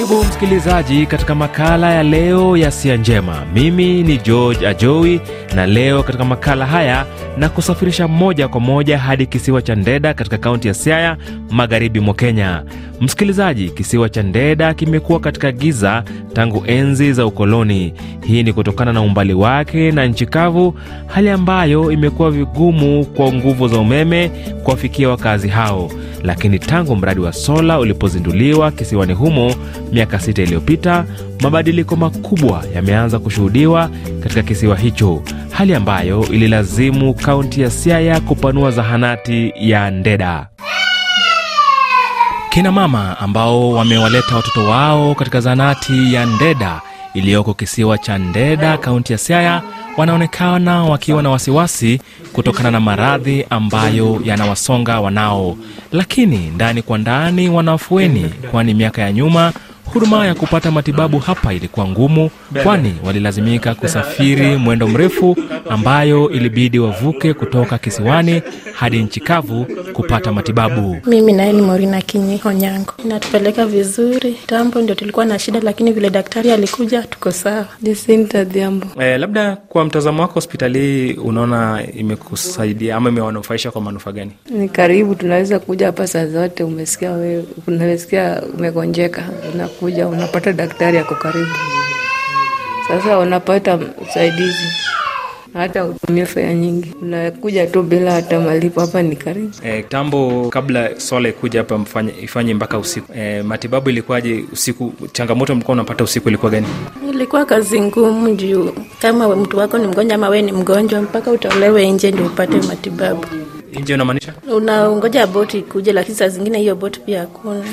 Karibu msikilizaji katika makala ya leo ya Sia Njema. Mimi ni George Ajowi, na leo katika makala haya na kusafirisha moja kwa moja hadi kisiwa cha Ndeda katika kaunti ya Siaya, magharibi mwa Kenya. Msikilizaji, kisiwa cha Ndeda kimekuwa katika giza tangu enzi za ukoloni. Hii ni kutokana na umbali wake na nchi kavu, hali ambayo imekuwa vigumu kwa nguvu za umeme kuwafikia wakazi hao lakini tangu mradi wa sola ulipozinduliwa kisiwani humo miaka sita iliyopita, mabadiliko makubwa yameanza kushuhudiwa katika kisiwa hicho, hali ambayo ililazimu kaunti ya Siaya kupanua zahanati ya Ndeda. Kina mama ambao wamewaleta watoto wao katika zahanati ya Ndeda iliyoko kisiwa cha Ndeda, kaunti ya Siaya wanaonekana wakiwa na wasiwasi kutokana na maradhi ambayo yanawasonga wanao, lakini ndani kwa ndani wanaafueni kwani miaka ya nyuma Huduma ya kupata matibabu hapa ilikuwa ngumu, kwani walilazimika kusafiri mwendo mrefu ambayo ilibidi wavuke kutoka kisiwani hadi nchi kavu kupata matibabu. Mimi naye ni Morina Kinyi Onyango, inatupeleka vizuri. Tambo ndio tulikuwa na shida, lakini vile daktari alikuja tuko sawa. eh, labda kwa mtazamo wako hospitali hii unaona imekusaidia ama imewanufaisha kwa manufaa gani? Ni karibu, tunaweza kuja hapa saa zote. Umesikia wewe, unasikia umegonjeka, unakuja unapata daktari ako karibu. Sasa unapata usaidizi hata utumie fedha nyingi, unakuja tu bila hata malipo. Hapa ni karibu e, eh, tambo kabla swala ikuja hapa ifanye mpaka usiku e, matibabu ilikuwaje usiku? Changamoto mlikuwa unapata usiku ilikuwa gani? Ilikuwa kazi ngumu juu kama mtu wako ni mgonjwa ama wewe ni mgonjwa, mpaka utolewe nje ndio upate matibabu. Nje unamaanisha unaongoja boti ikuje, lakini saa zingine hiyo boti pia hakuna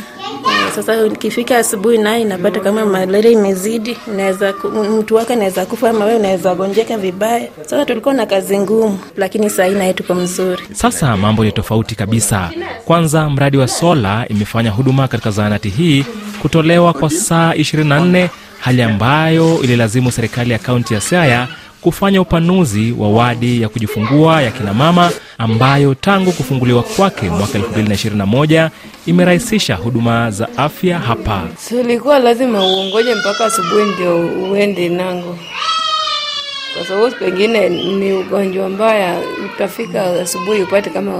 sasa ukifika asubuhi naye inapata kama malaria imezidi, unaweza mtu wake anaweza kufa ama wewe unaweza gonjeka vibaya. Sasa tulikuwa na kazi ngumu, lakini saa hii naye tuko mzuri. Sasa mambo ni tofauti kabisa. Kwanza, mradi wa sola imefanya huduma katika zahanati hii kutolewa kwa saa 24 hali ambayo ililazimu serikali ya kaunti ya Siaya kufanya upanuzi wa wadi ya kujifungua ya kinamama ambayo tangu kufunguliwa kwake mwaka 221 imerahisisha huduma za afya hapa. Silikuwa lazima uongoje mpaka asubuhi ndio uende nango, kwa sababu pengine ni ugonjwa mbaya, utafika asubuhi upate kama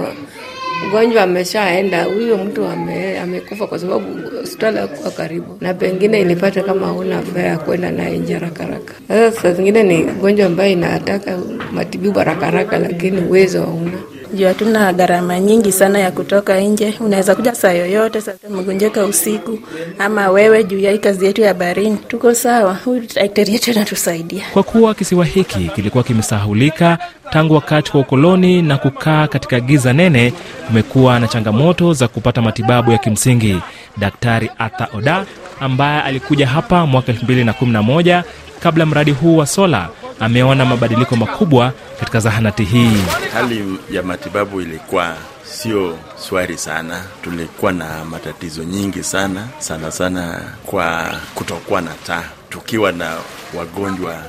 mgonjwa ameshaenda, huyo mtu ame, amekufa kwa sababu hospitali hakuwa karibu, na pengine ilipata kama auna fea ya kwenda naye nje rakaraka. Sasa saa zingine ni ugonjwa ambayo inataka matibibu rakaraka, lakini uwezo hauna juu hatuna gharama nyingi sana ya kutoka nje. Unaweza kuja saa yoyote, saa mgonjeka usiku ama wewe, juu ya hii kazi yetu ya barini tuko sawa. Huyu daktari yetu anatusaidia kwa kuwa kisiwa hiki kilikuwa kimesahulika tangu wakati wa ukoloni na kukaa katika giza nene, kumekuwa na changamoto za kupata matibabu ya kimsingi. Daktari Arthur Oda ambaye alikuja hapa mwaka 2011 kabla mradi huu wa sola ameona mabadiliko makubwa katika zahanati hii. Hali ya matibabu ilikuwa sio swari sana, tulikuwa na matatizo nyingi sana sana sana kwa kutokuwa na taa, tukiwa na wagonjwa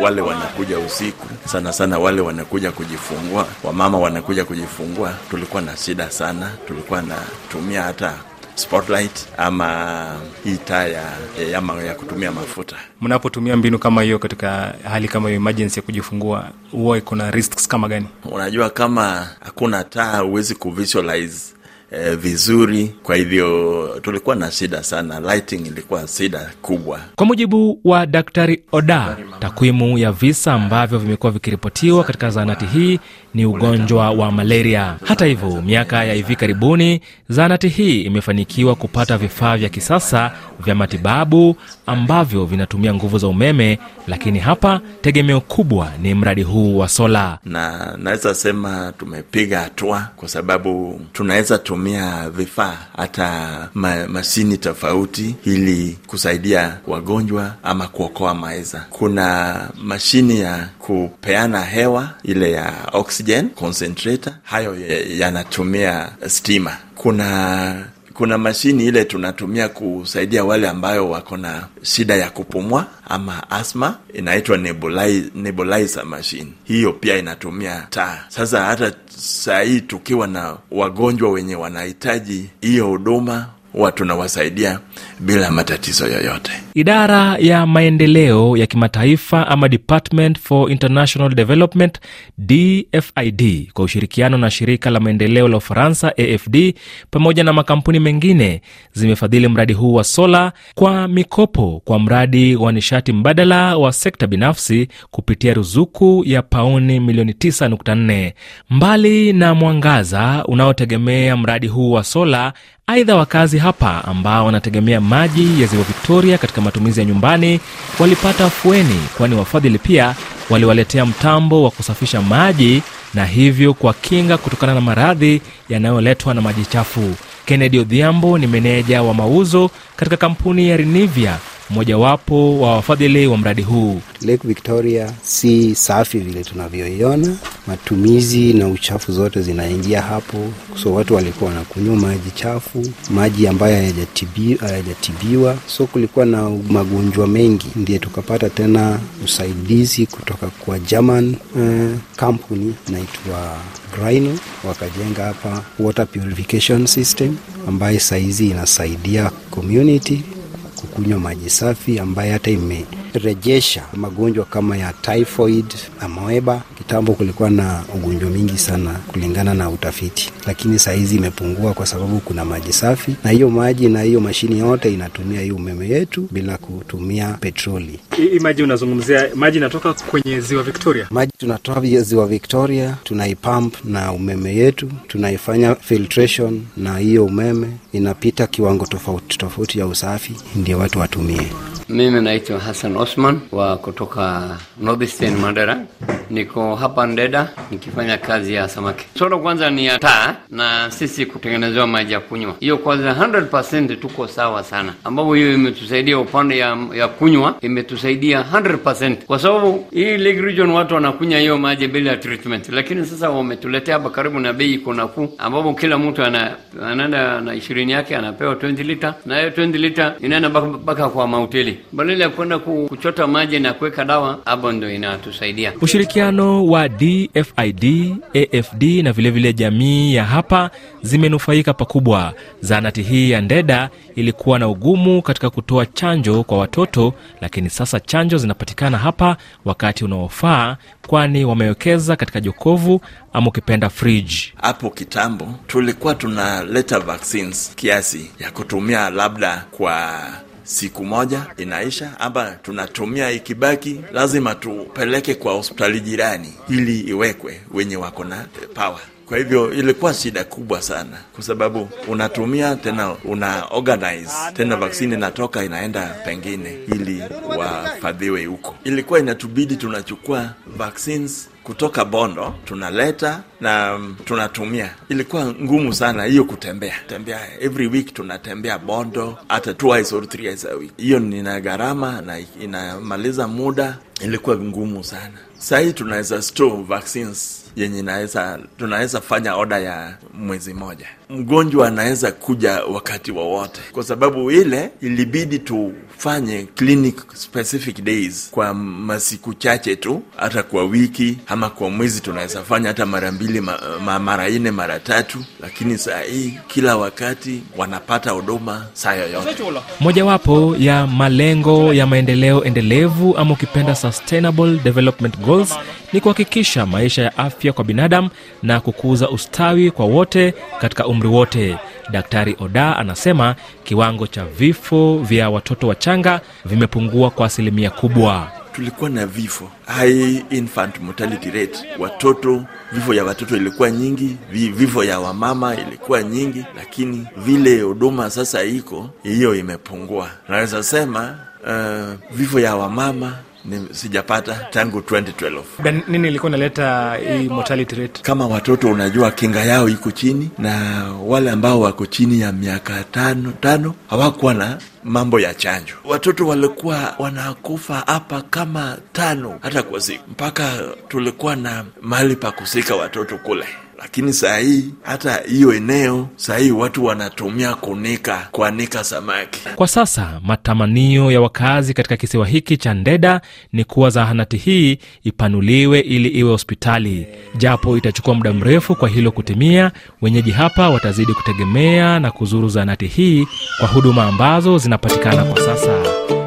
wale wanakuja usiku sana sana, wale wanakuja kujifungua, wamama wanakuja kujifungua, tulikuwa na shida sana, tulikuwa natumia hata spotlight ama hii taa ya, ya, ya kutumia mafuta. Mnapotumia mbinu kama hiyo katika hali kama hiyo emergency ya kujifungua, huwa iko na risks kama gani? Unajua, kama hakuna taa huwezi kuvisualize eh, vizuri. Kwa hivyo tulikuwa na shida sana, lighting ilikuwa shida kubwa. Kwa mujibu wa Daktari Oda, takwimu ya visa ambavyo vimekuwa vikiripotiwa katika zahanati hii ni ugonjwa wa malaria. Hata hivyo, miaka ya hivi karibuni zahanati hii imefanikiwa kupata vifaa vya kisasa vya matibabu ambavyo vinatumia nguvu za umeme, lakini hapa tegemeo kubwa ni mradi huu wa sola, na naweza sema tumepiga hatua kwa sababu tunaweza tum kusomea vifaa hata ma, mashini tofauti ili kusaidia wagonjwa ama kuokoa maeza Kuna mashini ya kupeana hewa ile ya oxygen concentrator, hayo yanatumia stima. Kuna kuna mashini ile tunatumia kusaidia wale ambayo wako na shida ya kupumua ama asma, inaitwa nebulizer, machine. Hiyo pia inatumia taa. Sasa hata sahii hii tukiwa na wagonjwa wenye wanahitaji hiyo huduma huwa tunawasaidia bila matatizo yoyote. Idara ya maendeleo ya kimataifa ama Department for International Development DFID kwa ushirikiano na shirika la maendeleo la Ufaransa AFD pamoja na makampuni mengine zimefadhili mradi huu wa sola kwa mikopo kwa mradi wa nishati mbadala wa sekta binafsi kupitia ruzuku ya pauni milioni 9.4. Mbali na mwangaza unaotegemea mradi huu wa sola, aidha wakazi hapa ambao wanategemea maji ya ziwa Victoria katika matumizi ya nyumbani walipata afueni, kwani wafadhili pia waliwaletea mtambo wa kusafisha maji na hivyo kuwakinga kutokana na maradhi yanayoletwa na maji chafu. Kennedy Odhiambo ni meneja wa mauzo katika kampuni ya Renivia mmojawapo wa wafadhili wa mradi huu. Lake Victoria si safi vile tunavyoiona, matumizi na uchafu zote zinaingia hapo, so watu walikuwa wanakunywa maji chafu, maji ambayo hayajatibiwa, so kulikuwa na magonjwa mengi. Ndiye tukapata tena usaidizi kutoka kwa German eh, kampuni uh, inaitwa Graino, wakajenga hapa water purification system ambayo sahizi inasaidia community kukunywa maji safi ambayo hata ime kurejesha magonjwa kama ya typhoid, moeba. Kitambo kulikuwa na ugonjwa mingi sana kulingana na utafiti, lakini sahizi imepungua kwa sababu kuna maji safi, na hiyo maji na hiyo mashini yote inatumia hiyo umeme yetu bila kutumia petroli. Hii maji unazungumzia maji inatoka kwenye ziwa Victoria? Maji tunatoa ziwa Victoria, tunaipump na umeme yetu, tunaifanya filtration na hiyo umeme inapita kiwango tofauti tofauti ya usafi, ndio watu watumie. Mimi naitwa Hassan Osman wa kutoka Northeastern Mandera. Niko hapa Ndeda nikifanya kazi ya samaki. Soda kwanza ni ya taa na sisi kutengenezewa maji ya kunywa, hiyo kwanza 100% tuko sawa sana, ambapo hiyo imetusaidia upande ya, ya kunywa imetusaidia 100%, kwa sababu hii Lake Region watu wanakunywa hiyo maji bila treatment, lakini sasa wametuletea hapa karibu na bei iko nafuu, ambapo kila mtu ana anaenda na ishirini yake anapewa 20 lita na hiyo 20 lita inaenda mpaka kwa mahoteli badala ya kwenda ku kuchota maji na kuweka dawa, hapo ndo inatusaidia. Ushirikiano wa DFID, AFD na vilevile vile jamii ya hapa zimenufaika pakubwa. Zahanati hii ya Ndeda ilikuwa na ugumu katika kutoa chanjo kwa watoto, lakini sasa chanjo zinapatikana hapa wakati unaofaa, kwani wamewekeza katika jokovu ama ukipenda fridge. Hapo kitambo tulikuwa tunaleta vaccines kiasi ya kutumia labda kwa siku moja inaisha, ama tunatumia ikibaki, lazima tupeleke kwa hospitali jirani ili iwekwe wenye wako na power. Kwa hivyo ilikuwa shida kubwa sana, kwa sababu unatumia tena, una organize tena, vaksini inatoka inaenda pengine ili wafadhiwe huko. Ilikuwa inatubidi tunachukua vaccines kutoka Bondo tunaleta na um, tunatumia. Ilikuwa ngumu sana hiyo kutembea tembea, every week tunatembea Bondo hata twice or a week. Hiyo nina gharama na inamaliza muda, ilikuwa ngumu sana. Sahii tunaweza store vaccines yenye inaweza tunaweza fanya oda ya mwezi moja. Mgonjwa anaweza kuja wakati wowote, wa kwa sababu ile ilibidi tufanye clinic specific days kwa masiku chache tu, hata kwa wiki ama kwa mwezi tunaweza fanya hata mara mbili ma, ma, mara nne mara tatu, lakini saa hii kila wakati wanapata huduma saa yoyote. Mojawapo ya malengo ya maendeleo endelevu ama ukipenda sustainable development goals ni kuhakikisha maisha ya afya afya kwa binadamu na kukuza ustawi kwa wote katika umri wote. Daktari Oda anasema kiwango cha vifo vya watoto wachanga vimepungua kwa asilimia kubwa tulikuwa na vifo high infant mortality rate, watoto vifo ya watoto ilikuwa nyingi, vifo ya wamama ilikuwa nyingi, lakini vile huduma sasa iko hiyo imepungua. Naweza sema uh, vifo ya wamama sijapata tangu 2012. nini ilikuwa inaleta hii mortality rate? Kama watoto unajua kinga yao iko chini, na wale ambao wako chini ya miaka tano tano hawakuwa na mambo ya chanjo. Watoto walikuwa wanakufa hapa kama tano hata kwa siku, mpaka tulikuwa na mahali pa kusika watoto kule lakini saa hii hata hiyo eneo saa hii watu wanatumia kunika kuanika samaki. Kwa sasa matamanio ya wakazi katika kisiwa hiki cha Ndeda ni kuwa zahanati hii ipanuliwe ili iwe hospitali, japo itachukua muda mrefu kwa hilo kutimia. Wenyeji hapa watazidi kutegemea na kuzuru zahanati hii kwa huduma ambazo zinapatikana kwa sasa.